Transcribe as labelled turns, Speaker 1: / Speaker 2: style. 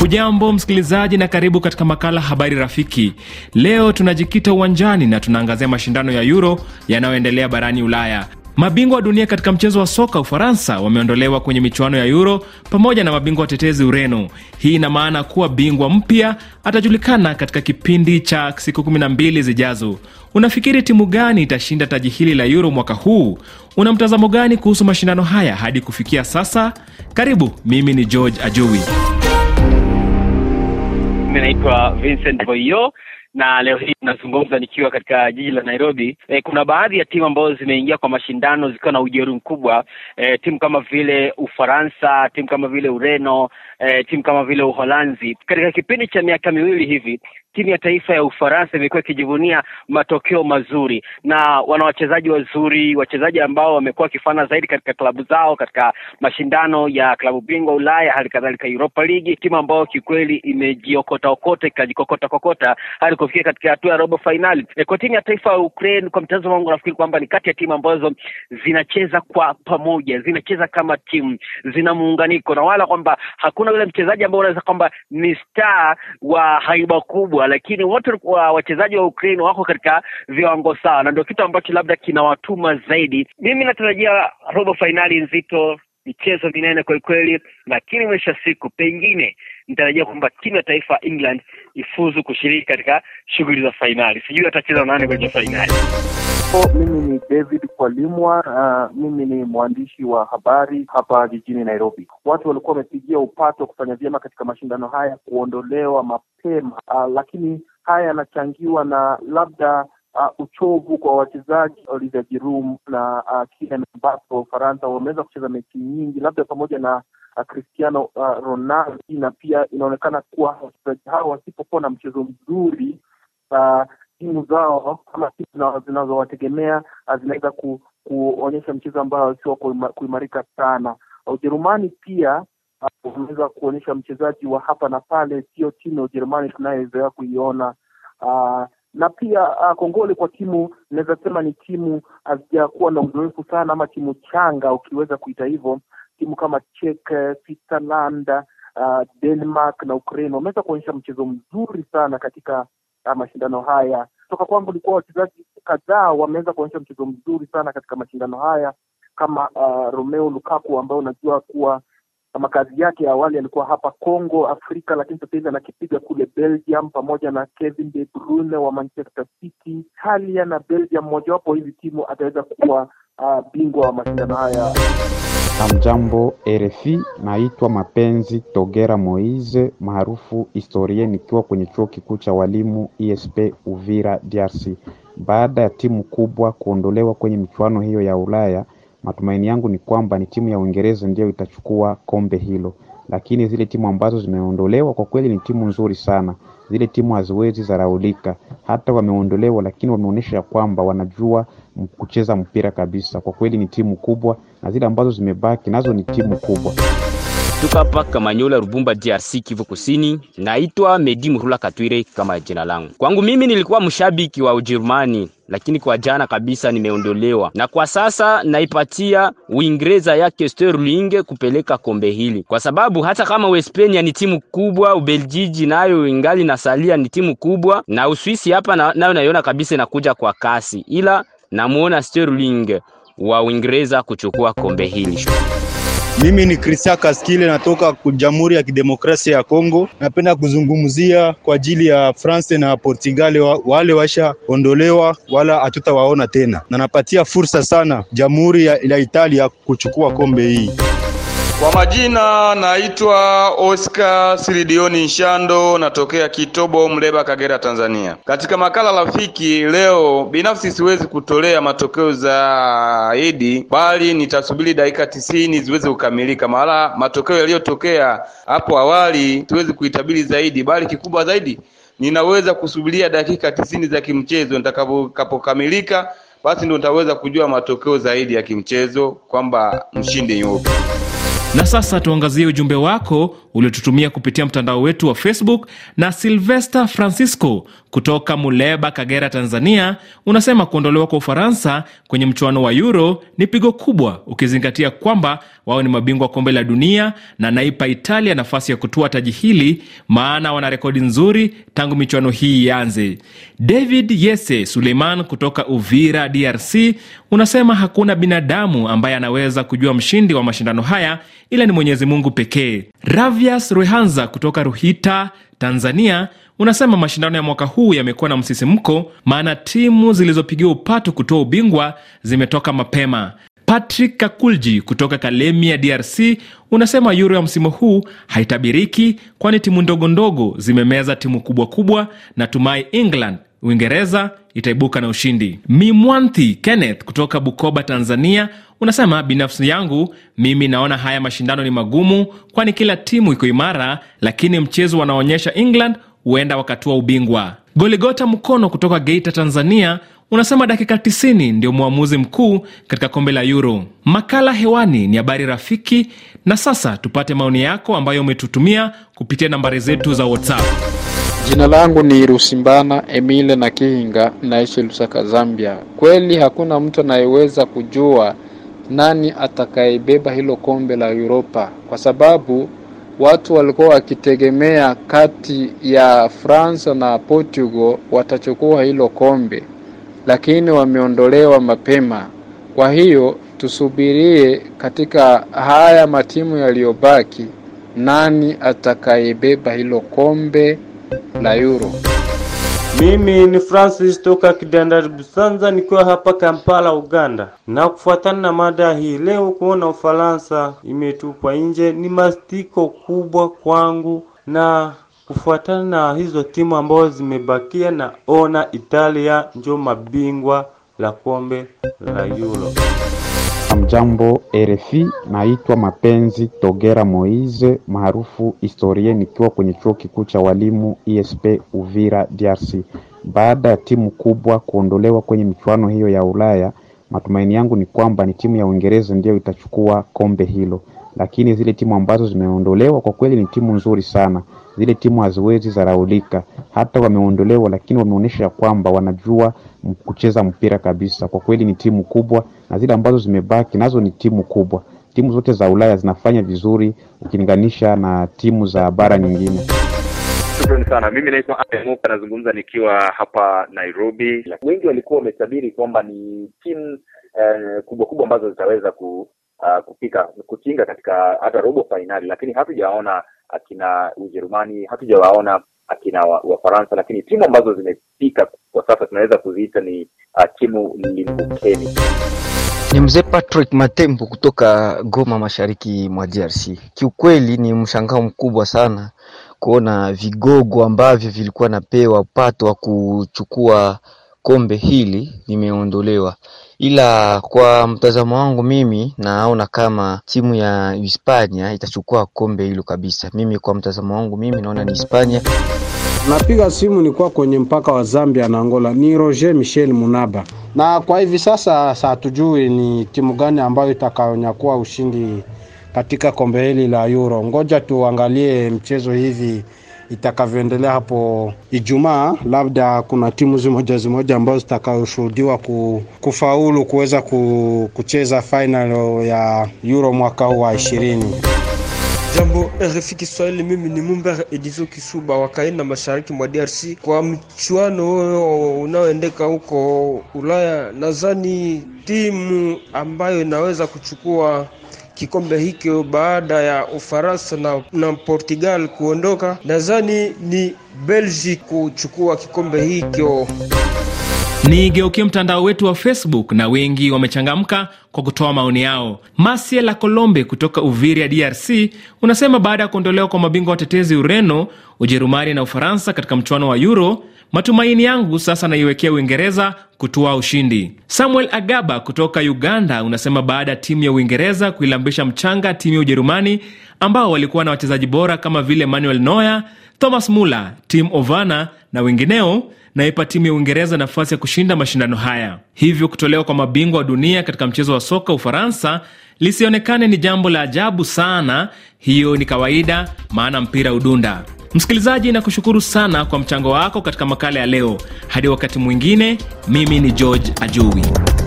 Speaker 1: Hujambo msikilizaji, na karibu katika makala Habari Rafiki. Leo tunajikita uwanjani na tunaangazia mashindano ya Euro yanayoendelea barani Ulaya. Mabingwa wa dunia katika mchezo wa soka Ufaransa wameondolewa kwenye michuano ya Euro pamoja na mabingwa watetezi Ureno. Hii ina maana kuwa bingwa mpya atajulikana katika kipindi cha siku 12 zijazo. Unafikiri timu gani itashinda taji hili la Euro mwaka huu? Una mtazamo gani kuhusu mashindano haya hadi kufikia sasa? Karibu, mimi ni George Ajui.
Speaker 2: naitwa Vincent Boyo na leo hii nazungumza nikiwa katika jiji la Nairobi. E, kuna baadhi ya timu ambazo zimeingia kwa mashindano zikiwa na ujeuri mkubwa e, timu kama vile Ufaransa, timu kama vile Ureno, e, timu kama vile Uholanzi. Katika kipindi cha miaka miwili hivi timu ya taifa ya Ufaransa imekuwa ikijivunia matokeo mazuri na wana wachezaji wazuri, wachezaji ambao wamekuwa wakifana zaidi katika klabu zao katika mashindano ya klabu bingwa Ulaya, hali kadhalika Europa League, timu ambayo kikweli imejiokota okota ikajikokota kokota hadi kufikia katika hatua ya robo fainali. E, kwa timu ya taifa ya Ukraine, kwa mtazamo wangu nafikiri kwamba ni kati ya timu ambazo zinacheza kwa pamoja, zinacheza kama timu, zina muunganiko na wala kwamba hakuna yule mchezaji ambao unaweza kwamba ni star wa haiba kubwa kubwa, lakini wote wachezaji wa Ukraine wako katika viwango sawa, na ndio kitu ambacho labda kinawatuma zaidi. Mimi natarajia robo fainali nzito, michezo minene kwelikweli, lakini mwisho wa siku pengine nitarajia kwamba timu ya taifa England ifuzu kushiriki katika shughuli za fainali. Sijui atacheza nani kwenye fainali
Speaker 3: hapo. mimi ni David Kwalimwa. Uh, mimi ni mwandishi wa habari hapa jijini Nairobi. Watu walikuwa wamepigia upato wa kufanya vyema katika mashindano haya kuondolewa mapema, uh, lakini haya yanachangiwa na labda Uh, uchovu kwa wachezaji Olivier Giroud na uh, Kylian Mbappe wa Ufaransa wameweza kucheza mechi nyingi, labda pamoja na uh, Cristiano uh, Ronaldo, na pia inaonekana kuwa wachezaji hao wasipokuwa na mchezo mzuri uh, timu zao ama timu zinazowategemea zinaweza ku, kuonyesha mchezo ambao sio kuimarika sana. Ujerumani pia ah, wameweza kuonyesha mchezaji wa hapa na pale, sio timu ya Ujerumani tunayozoea kuiona uh, na pia uh, Kongole kwa timu inaweza sema ni timu hazijakuwa na uzoefu sana, ama timu changa ukiweza kuita hivyo. Timu kama Czech, Switzerland, uh, Denmark na Ukraine wameweza kuonyesha mchezo mzuri sana katika mashindano haya. Toka kwangu likuwa wachezaji kadhaa wameweza kuonyesha mchezo mzuri sana katika mashindano haya kama uh, Romeo Lukaku ambaye unajua kuwa makazi yake awali alikuwa hapa Congo Afrika, lakini sasa hivi anakipiga kule Belgium pamoja na Kevin De Bruyne wa Manchester City. Italia na Belgium, mojawapo hizi timu ataweza kuwa uh, bingwa wa mashindano haya.
Speaker 4: Amjambo RFI, naitwa Mapenzi Togera Moise maarufu Historie, nikiwa kwenye chuo kikuu cha walimu ESP Uvira, DRC. Baada ya timu kubwa kuondolewa kwenye michuano hiyo ya Ulaya Matumaini yangu ni kwamba ni timu ya Uingereza ndiyo itachukua kombe hilo, lakini zile timu ambazo zimeondolewa kwa kweli ni timu nzuri sana. Zile timu haziwezi zaraulika, hata wameondolewa, lakini wameonyesha kwamba wanajua kucheza mpira kabisa. Kwa kweli ni timu kubwa, na zile ambazo zimebaki nazo ni timu kubwa
Speaker 1: kutoka hapa Kamanyola, Rubumba, DRC, Kivu Kusini. Naitwa Medi Murula Katwire kama jina langu. Kwangu mimi nilikuwa mshabiki wa Ujerumani lakini kwa jana kabisa nimeondolewa, na kwa sasa naipatia Uingereza yake Sterling kupeleka kombe hili, kwa sababu hata kama Uhispania ni timu kubwa, Ubeljiji nayo ingali na salia ni timu kubwa, na Uswisi hapa nayo naiona kabisa inakuja kwa kasi, ila namuona Sterling wa Uingereza kuchukua kombe hili.
Speaker 3: Mimi ni Christian
Speaker 1: Kaskile natoka Jamhuri ya Kidemokrasia ya Kongo. Napenda kuzungumzia kwa ajili ya France na Portugal wa, wale washaondolewa wala hatutawaona tena, na napatia fursa sana Jamhuri ya Italia kuchukua kombe hii. Kwa majina naitwa Oscar Siridioni Nshando, natokea Kitobo, Mleba, Kagera, Tanzania. Katika makala rafiki leo, binafsi siwezi kutolea matokeo zaidi, bali nitasubiri dakika tisini ziweze kukamilika, Mara matokeo yaliyotokea hapo awali siwezi kuitabiri zaidi, bali kikubwa zaidi ninaweza kusubiria dakika tisini za kimchezo. Nitakapokamilika basi ndo nitaweza kujua matokeo zaidi ya kimchezo kwamba mshindi yupi. Na sasa tuangazie ujumbe wako uliotutumia kupitia mtandao wetu wa Facebook. Na Silvester Francisco kutoka Muleba, Kagera, Tanzania, unasema kuondolewa kwa Ufaransa kwenye mchuano wa Euro ni pigo kubwa, ukizingatia kwamba wao ni mabingwa kombe la dunia, na naipa Italia nafasi ya kutua taji hili, maana wana rekodi nzuri tangu michuano hii ianze. David Yese Suleiman kutoka Uvira, DRC, unasema hakuna binadamu ambaye anaweza kujua mshindi wa mashindano haya ila ni Mwenyezi Mungu pekee. Ravi Flavius Ruhanza kutoka Ruhita, Tanzania, unasema mashindano ya mwaka huu yamekuwa na msisimko, maana timu zilizopigiwa upatu kutoa ubingwa zimetoka mapema. Patrick Kakulji kutoka Kalemi ya DRC unasema yuro ya msimu huu haitabiriki, kwani timu ndogo ndogo zimemeza timu kubwa kubwa. Natumai England Uingereza itaibuka na ushindi. Mimwanthi Kenneth kutoka Bukoba, Tanzania, unasema binafsi yangu mimi naona haya mashindano ni magumu, kwani kila timu iko imara, lakini mchezo wanaonyesha England huenda wakatua ubingwa. Goligota Mkono kutoka Geita, Tanzania, unasema dakika 90 ndio mwamuzi mkuu katika kombe la Euro. Makala hewani ni habari rafiki, na sasa tupate maoni yako ambayo umetutumia kupitia nambari zetu za WhatsApp. Jina langu
Speaker 4: ni Rusimbana Emile na Kihinga, naishi Lusaka, Zambia. Kweli hakuna mtu anayeweza kujua nani atakayebeba hilo kombe la Europa kwa sababu watu walikuwa wakitegemea kati ya Fransa na Portugal watachukua hilo kombe, lakini wameondolewa mapema. Kwa hiyo tusubirie katika haya matimu yaliyobaki, nani atakayebeba hilo kombe na euro.
Speaker 1: Mimi ni Francis toka Kidandari Busanza nikiwa hapa Kampala, Uganda. Na kufuatana na mada hii leo, kuona Ufaransa imetupwa nje ni mastiko kubwa kwangu, na kufuatana na hizo timu ambazo zimebakia, na ona Italia ndio mabingwa la kombe
Speaker 3: la Euro
Speaker 4: mjambo RFI, naitwa Mapenzi Togera Moise maarufu Historien, nikiwa kwenye chuo kikuu cha walimu esp Uvira, DRC. Baada ya timu kubwa kuondolewa kwenye michuano hiyo ya Ulaya, matumaini yangu ni kwamba ni timu ya Uingereza ndiyo itachukua kombe hilo lakini zile timu ambazo zimeondolewa kwa kweli ni timu nzuri sana. Zile timu haziwezi zaraulika, hata wameondolewa, lakini wameonyesha kwamba wanajua kucheza mpira kabisa. Kwa kweli ni timu kubwa, na zile ambazo zimebaki nazo ni timu kubwa. Timu zote za Ulaya zinafanya vizuri ukilinganisha na timu za bara nyingine.
Speaker 3: Shukrani sana. Mimi naitwa Amoka, nazungumza nikiwa hapa Nairobi. Wengi walikuwa wametabiri kwamba ni timu eh, kubwa kubwa ambazo zitaweza ku uh, kufika kutinga katika hata robo fainali, lakini hatujaona akina Ujerumani, hatujawaona akina Wafaransa wa lakini timu ambazo zimefika kwa sasa tunaweza kuziita ni uh, timu limbukeni.
Speaker 2: Ni mzee Patrick Matembo kutoka Goma, mashariki mwa DRC. Kiukweli ni mshangao mkubwa sana kuona vigogo ambavyo vilikuwa napewa pato wa kuchukua kombe hili limeondolewa, ila kwa mtazamo wangu mimi naona kama timu ya Hispania itachukua kombe hilo kabisa. Mimi kwa mtazamo wangu mimi naona ni Hispania. Napiga simu
Speaker 4: nikuwa kwenye mpaka wa Zambia na Angola, ni Roger Michel Munaba, na kwa hivi sasa hatujui ni timu gani ambayo itakayonyakua ushindi katika kombe hili la Euro. Ngoja tuangalie mchezo hivi itakavyoendelea hapo Ijumaa, labda kuna timu zimoja zimoja ambazo zitakaoshuhudiwa kufaulu kuweza kucheza final ya Euro mwaka huu wa ishirini.
Speaker 1: Jambo RFI Kiswahili, mimi ni Mumber Edizo Kisuba wa Kaina, mashariki mwa DRC. Kwa mchuano unaoendeka huko Ulaya, nadhani timu ambayo inaweza kuchukua kikombe hiki baada ya Ufaransa na, na Portugal kuondoka, nadhani ni Belgium kuchukua
Speaker 3: kikombe hiki
Speaker 1: ni geukia mtandao wetu wa Facebook na wengi wamechangamka kwa kutoa maoni yao. la colombe kutoka ya DRC, unasema baada ya kuondolewa kwa mabingwa watetezi Ureno, Ujerumani na Ufaransa katika mchuano wa Euro, matumaini yangu sasa naiwekea Uingereza kutoaa ushindi. Samuel Agaba kutoka Uganda unasema baada ya timu ya Uingereza kuilambisha mchanga timu ya Ujerumani, ambao walikuwa na wachezaji bora kama vile Manuel Neuer, Thomas Muller, Tim Ovana na wengineo, naipa timu ya Uingereza nafasi ya kushinda mashindano haya. Hivyo kutolewa kwa mabingwa wa dunia katika mchezo wa soka Ufaransa lisionekane ni jambo la ajabu sana. Hiyo ni kawaida, maana mpira udunda. Msikilizaji, nakushukuru sana kwa mchango wako katika makala ya leo. Hadi wakati mwingine, mimi ni George Ajowi.